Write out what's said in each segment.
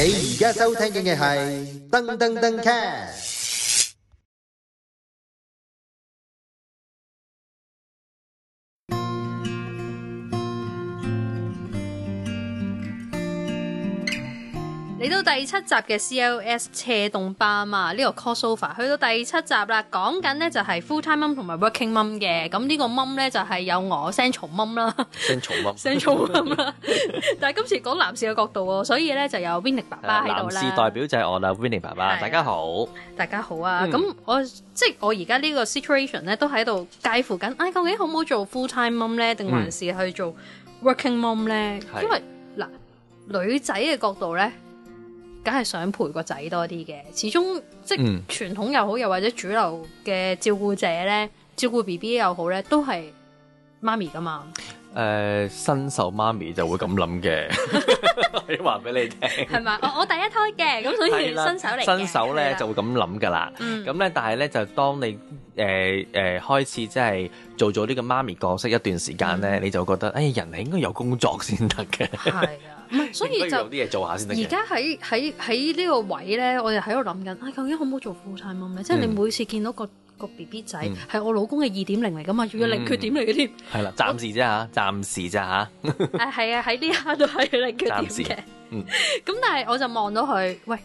你而家收聽嘅係燈登登 cast。去到第七集嘅 C.L.S. 斜動巴啊嘛，呢個 crossover 去到第七集啦，講緊咧就係 full time mum 同埋 working mum 嘅。咁呢個 mum 咧就係有我姓曹 mum 啦，姓曹 mum，姓曹 mum 啦。但係今次講男士嘅角度哦，所以咧就有 Vinny 爸爸喺度咧。男士代表就係我啦，Vinny 爸爸，大家好，大家好啊。咁我即係我而家呢個 situation 咧，都喺度介乎緊。唉，究竟好唔好做 full time mum 咧，定還是去做 working mum 咧？因為嗱，女仔嘅角度咧。梗係想陪個仔多啲嘅，始終即係傳統又好，又或者主流嘅照顧者咧，照顧 B B 又好咧，都係媽咪噶嘛。誒、呃，新手媽咪就會咁諗嘅，要話俾你聽。係咪？我我第一胎嘅，咁所以新手嚟。新手咧啦就會咁諗噶啦。咁咧、嗯，但係咧就當你誒誒、呃呃、開始即係做咗呢個媽咪角色一段時間咧，嗯、你就覺得誒、哎、人係應該有工作先得嘅。係啊。唔係，所以就有啲嘢做下先，而家喺喺喺呢個位咧，我就喺度諗緊，唉，究竟好唔好做 full-time mum 咧？即係你每次見到個個 BB 仔係我老公嘅二點零嚟㗎嘛，仲有零缺點嚟㗎添。係啦，暫時啫嚇，暫時啫嚇。誒係啊，喺呢一刻都係零缺點嘅。嗯。咁但係我就望到佢，喂，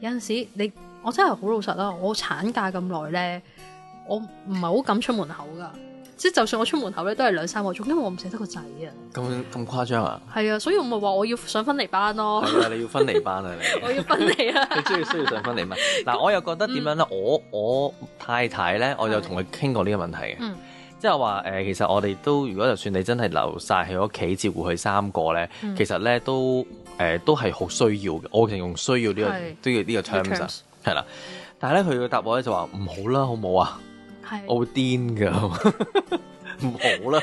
有陣時你我真係好老實啦，我產假咁耐咧，我唔係好敢出門口㗎。即係就算我出門口咧，都係兩三個鐘，因為我唔捨得個仔啊。咁咁、嗯、誇張啊？係啊，所以我咪話我要上分離班咯。係啊！你要分離班啊？ 你要分離啊？你真係需要上分離班。嗱、啊，我又覺得點樣咧？嗯、我我太太咧，我又同佢傾過呢個問題嘅，即係話誒，其實我哋都如果就算你真係留晒喺屋企照顧佢三個咧，嗯、其實咧都誒、呃、都係好需要嘅。我係用需要呢、呢個，是都要呢個 concept 係啦。但係咧佢嘅答案咧就話唔好啦，好唔好啊？是我好癲㗎，唔好啦。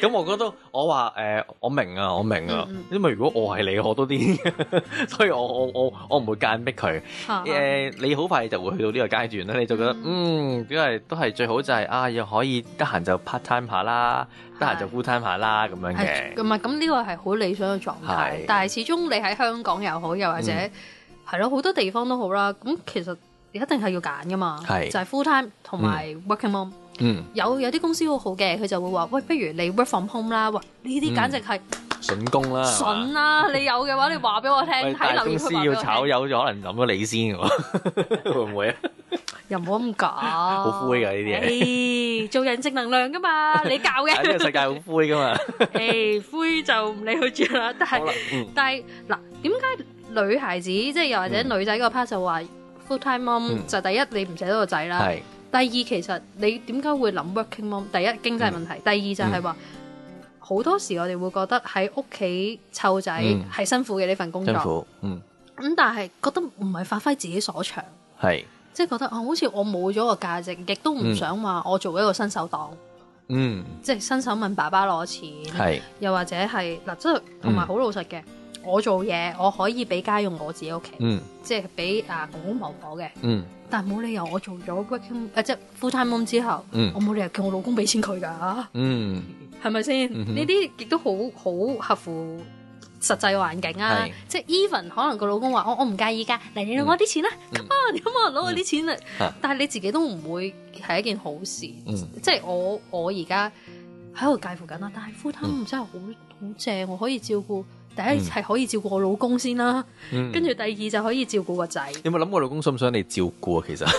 咁 我覺得我話誒、呃，我明啊，我明啊。嗯、因為如果我係你，我都癲， 所以我我我我唔會夾硬逼佢。誒哈、呃，你好快就會去到呢個階段啦。你就覺得嗯，因為、嗯、都係最好就係、是、啊，又可以得閒就 part time 下啦，得閒是就 full time 下啦咁樣嘅。唔係，咁呢個係好理想嘅狀態。的但係始終你喺香港又好，又或者係咯好多地方都好啦。咁其實。你一定係要揀噶嘛，就係 full time 同埋 working mum。有有啲公司好好嘅，佢就會話：喂，不如你 work from home 啦。喂，呢啲簡直係筍工啦，筍啦！你有嘅話，你話俾我聽，睇留意佢。公司要炒魷，就可能諗咗你先嘅喎，會唔會啊？又唔好咁講，好灰嘅呢啲嘢。做人正能量噶嘛，你教嘅。世界好灰噶嘛？誒灰就唔理佢住啦。但係但係嗱，點解女孩子即係又或者女仔嗰 part 就話？Full-time mom 就第一你唔捨得個仔啦，是第二其實你點解會諗 working mom？第一經濟問題，嗯、第二就係話好多時我哋會覺得喺屋企湊仔係辛苦嘅呢、嗯、份工作，嗯，咁但係覺得唔係發揮自己所長，係是即係覺得啊好似我冇咗個價值，亦都唔想話我做一個伸手黨，嗯，即係伸手問爸爸攞錢，係、嗯、又或者係嗱即係同埋好老實嘅。嗯我做嘢，我可以俾家用我自己屋企，即係俾啊公公婆婆嘅。但係冇理由我做咗 working，即係 full time mom 之後，我冇理由叫我老公俾錢佢噶。係咪先？呢啲亦都好好合乎實際環境啊！即係 even 可能個老公話：我我唔介意噶，嗱你攞我啲錢啦，咁多人咁多攞我啲錢啦。但係你自己都唔會係一件好事。即係我我而家喺度介乎緊啦。但係 full time 真係好好正，我可以照顧。第一係可以照顧我老公先啦，嗯、跟住第二就可以照顧個仔。你有冇諗過老公想唔想你照顧啊？其實。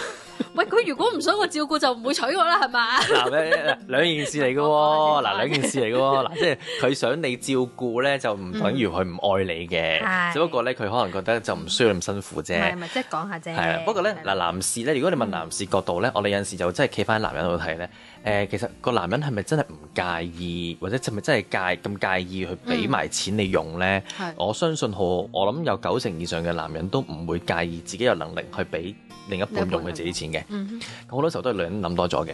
喂，佢如果唔想我照顧，就唔會娶我啦，係嘛？嗱，兩件事嚟嘅喎，嗱兩件事嚟嘅喎，嗱即係佢想你照顧咧，就唔等於佢唔愛你嘅，只不過咧佢可能覺得就唔需要咁辛苦啫。係咪即係講下啫。係啊，不過咧嗱，男士咧，如果你問男士角度咧，我哋有陣時就真係企翻男人度睇咧。誒，其實個男人係咪真係唔介意，或者係咪真係介咁介意去俾埋錢你用咧？我相信我我諗有九成以上嘅男人都唔會介意自己有能力去俾另一半用佢自己錢。嘅，咁好、mm hmm. 多時候都係女人諗多咗嘅，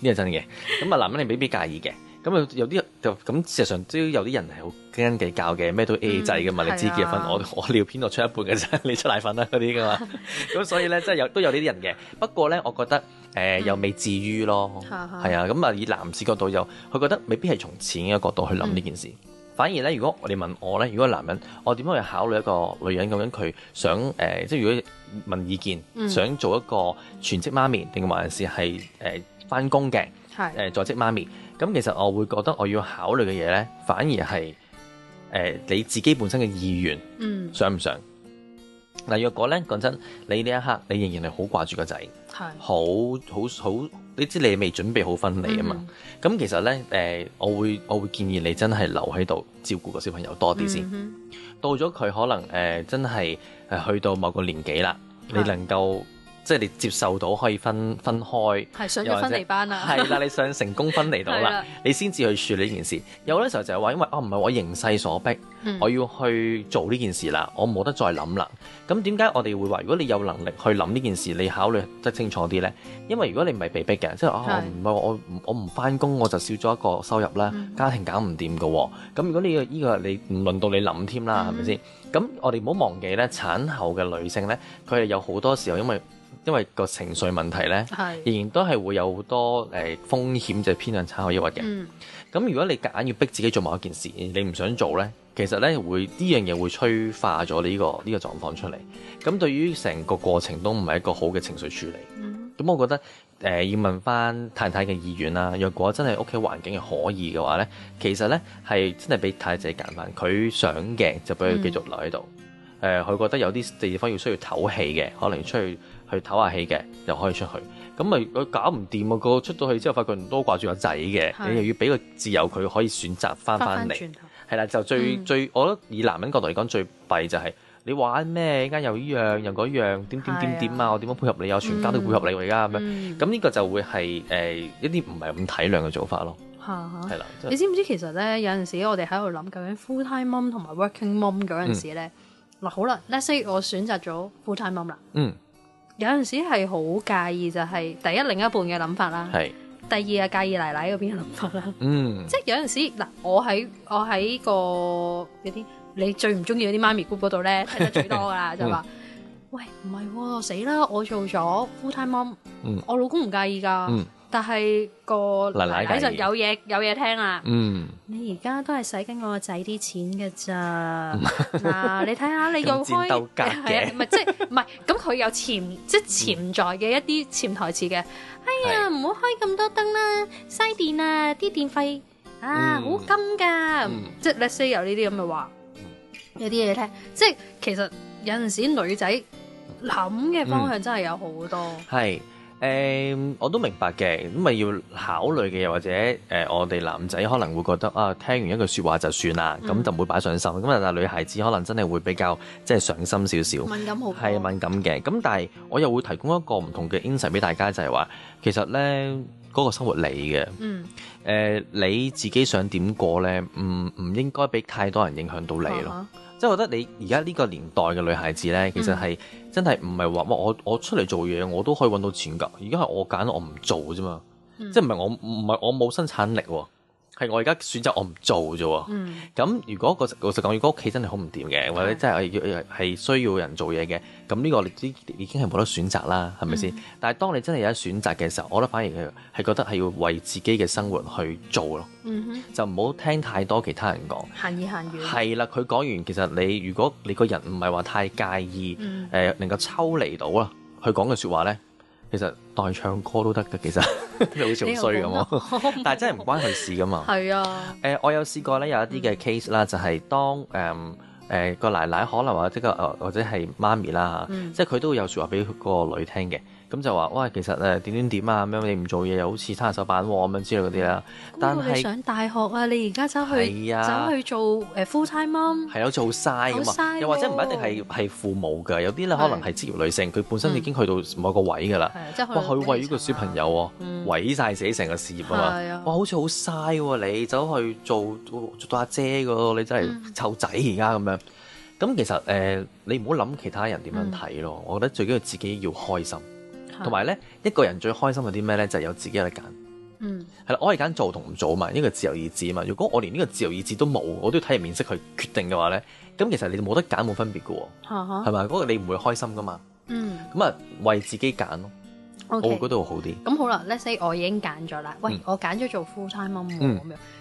呢個真嘅。咁啊，男人你未必介意嘅。咁啊，有啲就咁，事實上都有啲人係好斤斤計較嘅，咩都 A 制㗎嘛。Mm hmm. 你知結婚 Yeah.，我、我尿片度出一半嘅啫， 你出奶粉啦嗰啲噶嘛。咁所以咧，真係有都有呢啲人嘅。不過咧，我覺得誒、呃 mm hmm. 又未至於咯，係、mm hmm. 啊。咁啊，以男士角度又，佢覺得未必係從錢嘅角度去諗呢件事。Mm hmm. 反而咧，如果我哋問我咧，如果男人，我點樣去考慮一個女人咁樣，佢想誒、呃，即係如果問意見，嗯、想做一個全職媽咪，定還是係誒返工嘅誒在職媽咪？咁、呃呃嗯、其實我會覺得我要考慮嘅嘢咧，反而係誒、呃、你自己本身嘅意願，想唔想？嗱、嗯，若果咧講真，你呢一刻你仍然係好掛住個仔。係是，好好好，你知你未準備好分離啊嘛，咁、嗯、其實咧，誒、呃，我會我會建議你真係留喺度照顧個小朋友多啲先，嗯、哼到咗佢可能誒、呃、真係誒去到某個年紀啦，你能夠。即係你接受到可以分分開，係上咗分離班啦者，係啦， 你上成功分離到啦， 對了 你先至去處理呢件事。有啲時候就係話，因為啊，唔、哦、係我形勢所逼，嗯、我要去做呢件事啦，我冇得再諗啦。咁點解我哋會話，如果你有能力去諗呢件事，你考慮得清楚啲呢？因為如果你唔係被逼嘅，即係唔係我唔我唔翻工，我就少咗一個收入啦，嗯、家庭搞唔掂噶喎。咁如果你呢、呢個你唔輪到你諗添啦，係咪先？咁我哋唔好忘記咧，產後嘅女性咧，佢係有好多時候因為。因為個情緒問題咧，是仍然都係會有好多誒、呃、風險，就係偏向產後抑鬱嘅。咁、嗯、如果你夾硬要逼自己做某一件事，你唔想做咧，其實咧會呢樣嘢會催化咗呢、這個呢、這個狀況出嚟。咁對於成個過程都唔係一個好嘅情緒處理。咁、嗯、我覺得誒、呃、要問翻太太嘅意願啦、啊。若果真係屋企環境係可以嘅話咧，其實咧係真係俾太太揀翻，佢想嘅就俾佢繼續留喺度。嗯誒佢覺得有啲地方要需要唞氣嘅，可能出去去唞下氣嘅，又可以出去。咁咪佢搞唔掂啊！個出到去之後，發覺都掛住個仔嘅，你又要俾個自由佢可以選擇翻翻嚟，係啦，就最最，我覺得以男人角度嚟講最弊就係你玩咩，而家又依樣又嗰樣，點點點點啊！我點樣配合你啊？全家都配合你㗎，而家咁樣，咁呢個就會係誒一啲唔係咁體諒嘅做法咯。嚇係啦！你知唔知其實咧有陣時我哋喺度諗究竟 full time mum 同埋 working mum 嗰陣時咧？嗱好啦，Let's say 我選擇咗 full time mom 啦。嗯，有陣時係好介意就係、是、第一另一半嘅諗法啦。係是。第二啊介意奶奶嗰邊嘅諗法啦。嗯。即係有陣時嗱，我喺我喺個啲你最唔中意嗰啲媽咪 group 嗰度咧，睇得最多噶啦 就話：，喂唔係，死啦、啊！我做咗 full time mom，、嗯、我老公唔介意噶。嗯但係個奶奶就有嘢有嘢聽啦。嗯，你而家都係使緊我個仔啲錢㗎咋？嗱、嗯啊，你睇下你又開鬥架唔係即係唔係咁佢有潛即係、就是、潛在嘅一啲潛台詞嘅。哎呀，唔好是開咁多燈啦、啊，嘥電啊！啲電費啊、嗯、好金㗎，嗯、即係 let's say 有呢啲咁嘅話，有啲嘢聽。即係其實有陣時女仔諗嘅方向真係有好多。係、嗯。誒，uh, 我都明白嘅，咁咪要考慮嘅，又或者誒，uh, 我哋男仔可能會覺得啊，聽完一句説話就算啦，咁、嗯、就唔會擺上心咁啊。但係女孩子可能真係會比較即係、就是、上心少少，敏感好，好，係敏感嘅。咁但係我又會提供一個唔同嘅 answer 俾大家，就係、是、話其實咧嗰、那個生活你嘅，嗯誒、呃、你自己想點過咧，唔、嗯、唔應該俾太多人影響到你咯。啊即係覺得你而家呢個年代嘅女孩子咧，其實係、嗯、真係唔係話我我出嚟做嘢，我都可以揾到錢㗎。而家係我揀，我唔做啫嘛。嗯、即係唔係我唔唔係我冇生產力喎。係我而家選擇我唔做啫喎，咁、嗯、如果個老實講，如果屋企真係好唔掂嘅，的或者真係要係需要人做嘢嘅，咁呢個你已經係冇得選擇啦，係咪先？嗯、但係當你真係有得選擇嘅時候，我覺得反而係覺得係要為自己嘅生活去做咯，嗯、哼就唔好聽太多其他人講。閒言閒語。係啦，佢講完，其實你如果你個人唔係話太介意，誒、嗯呃、能夠抽離到啊，佢講嘅説話咧。其實代唱歌都得噶，其實好 你好似好衰咁。 但係真係唔關佢事噶嘛。係 啊，誒、呃、我有試過咧，有一啲嘅 case 啦，嗯、就係當誒誒、嗯呃、個奶奶可能或者個或者係媽咪啦嚇，嗯、即係佢都有説話俾個女聽嘅。咁就話哇，其實誒點點點啊，咁樣你唔做嘢又好似攤手板喎、啊，咁樣之類嗰啲啦。但係上大學啊，你而家走去、啊、走去做誒、呃、full time mom 係啊，好似好嘥嘅，嘛又或者唔一定係係父母嘅，有啲咧、啊、可能係職業女性，佢本身已經去到某個位㗎啦。嗯、哇，佢為呢個小朋友、啊嗯、毀晒自己成個事業啊嘛。啊哇，好似好嘥你走去做做做阿姐嘅咯，你真係湊仔而家咁樣。咁、嗯、其實誒、呃，你唔好諗其他人點樣睇咯。嗯、我覺得最緊要自己要開心。同埋咧，一個人最開心係啲咩咧？就係有自己有得揀。嗯，係啦，我係揀做同唔做嘛，呢個自由意志啊嘛。如果我連呢個自由意志都冇，我都要睇人面色去決定嘅話咧，咁其實你冇得揀冇分別嘅喎，係咪？嗰個你唔會開心噶嘛。嗯，咁啊，為自己揀咯，我會覺得會好啲。咁好啦，Let's say 我已經揀咗啦。喂，我揀咗做 full time 咁樣。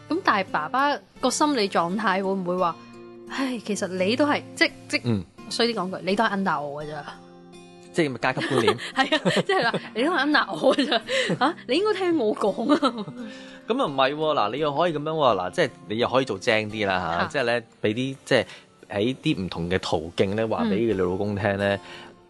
咁但係爸爸個心理狀態會唔會話？唉，其實你都係即即衰啲講句，你都係 under 我㗎咋。即係階級觀念，係 啊！即係話你都肯鬧我咋嚇、 啊？你應該聽我講 啊！咁啊唔係喎，嗱你又可以咁樣喎、啊，嗱即係你又可以做正啲啦嚇！即係咧俾啲即係喺啲唔同嘅途徑咧話俾你老公聽咧，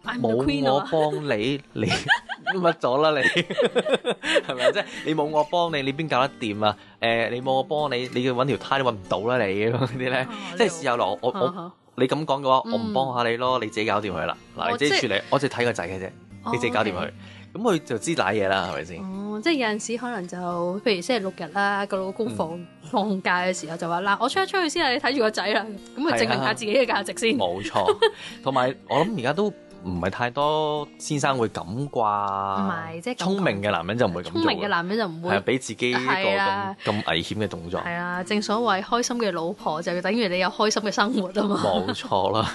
冇、嗯、我幫你，你乜咗啦你？係咪啊？即係你冇我幫你，你邊搞得掂啊？誒、呃、你冇我幫你，你要揾條胎都揾唔到啦、啊、你嗰啲咧，即係試下落我我。我 你咁講嘅話，我唔幫下你咯，嗯、你自己搞掂佢啦。嗱、哦，你自己處理，哦、我自己睇個仔嘅啫。哦、你自己搞掂佢，咁佢、嗯、就知瀨嘢啦，係咪先？哦，即係有陣時可能就譬如星期六日啦，個老公放放假嘅時候就話：嗱、嗯，我出一出去先啊，你睇住個仔啦。咁佢證明下自己嘅價值先、啊。冇 錯，同埋我諗而家都。 唔係太多先生會咁啩，唔係，即係聰明嘅男人就唔會咁，聰明嘅男人就唔會，係俾、啊、自己一個咁、啊、危險嘅動作。係啊，正所謂開心嘅老婆就等於你有開心嘅生活啊嘛，冇錯啦。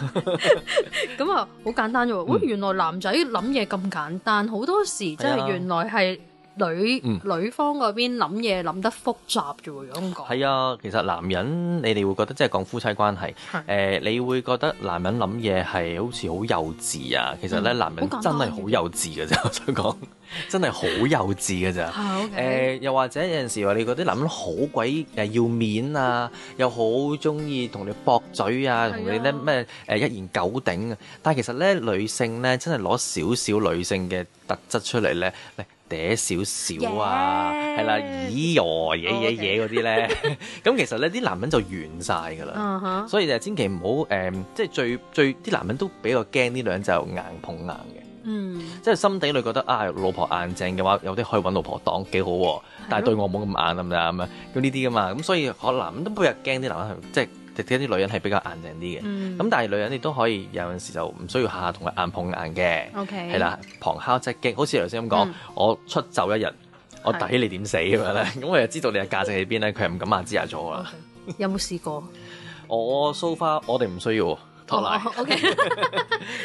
咁啊，好簡單啫喎、哎，原來男仔諗嘢咁簡單，好多時真係原來係。女女方嗰邊諗嘢諗得複雜啫喎，咁講係啊。其實男人你哋會覺得即係講夫妻關係誒，是、呃，你會覺得男人諗嘢係好似好幼稚啊。其實咧，男人真係好幼稚嘅啫。我想講真係好幼稚嘅咋。誒，又或者有陣時話你嗰啲男人好鬼誒要面啊，又好中意同你駁嘴啊，同、啊、你咧咩誒一言九鼎啊。但係其實咧，女性咧真係攞少少女性嘅特質出嚟咧。呢寫少少啊，係啦 Yeah.、啊，咦呀，嘢嘢嘢嗰啲咧，咁其實咧啲男人就完晒㗎啦，uh huh. 所以就千祈唔好誒，即係最最啲男人都比較驚呢兩隻硬碰硬嘅，嗯，mm. 即係心底裡覺得啊，老婆硬淨嘅話，有啲可以搵老婆擋幾好喎，但係對我冇咁硬得唔得咁啊，咁呢啲㗎嘛，咁、嗯、所以可能都每日驚啲男人，男人、就係、即係。特啲女人係比較硬淨啲嘅，咁、嗯、但係女人亦都可以有陣時，就唔需要下同佢硬碰硬嘅，係啦 Okay,，旁敲側擊，好似頭先咁講，嗯、我出走一日，我抵你點死咁是的 樣咧，咁我又知道你嘅價值喺邊咧，佢係唔敢話知阿左啊。Okay, 有冇試過？ 我 So far，我哋唔需要。托賴，O K，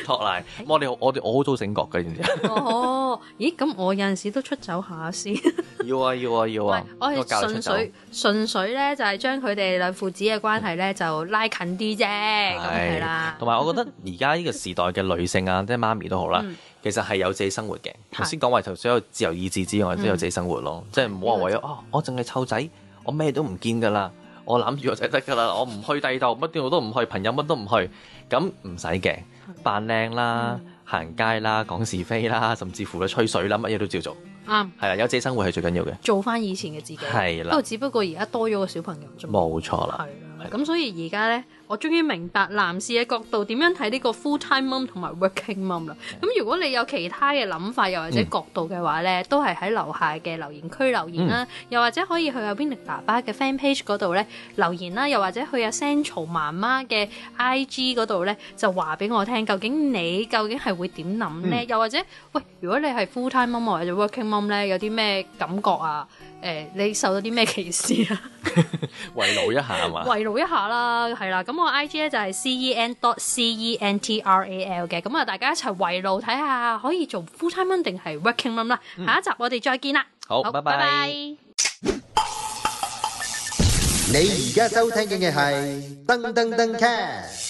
托賴。我哋我哋我好早醒覺嘅，知唔知哦，咦，咁我有陣時都出走下先。要啊要啊要啊！我係純粹，純粹咧，就係將佢哋兩父子嘅關係咧就拉近啲啫，咁係啦。同埋，我覺得而家呢個時代嘅女性啊，即係媽咪都好啦，其實係有自己生活嘅。頭先講為頭所有自由意志之外，都有自己生活咯。即係唔好話為咗哦，我淨係湊仔，我咩都唔見噶啦。我諗住我仔得噶啦，我唔去第度，乜嘢我都唔去，朋友乜都唔去，咁唔使嘅，的扮靚啦，嗯、行街啦，講是非啦，甚至乎佢吹水啦，乜嘢都照做，啱對，係啊，有自己生活係最緊要嘅，做翻以前嘅自己，不過的只不過而家多咗個小朋友啫嘛，冇錯啦，咁的所以而家呢。我終於明白男士嘅角度點樣睇呢個 full time mum 同埋 working mum 啦。咁的如果你有其他嘅諗法又或者角度嘅話咧，嗯、都係喺樓下嘅留言區留言啦。嗯、又或者可以去阿 Vinny 爸爸嘅 fan page 度咧留言啦。又或者去阿 Sentral 媽媽嘅 IG 度咧就話俾我聽，究竟你究竟係會點諗咧？嗯、又或者喂，如果你係 full time mum 或者 working mum 咧，有啲咩感覺啊？誒、呃，你受到啲咩歧視啊？圍 爐 一下係嘛？圍爐 一下啦，係啦，咁。咁我 I G 咧就係 C E N dot C E N T R A L 嘅，咁啊大家一齊圍路睇下可以做 full time mum 定係 working mum 啦。下一集我哋再見啦，好，拜拜。你而家收聽緊嘅係登登登 cast。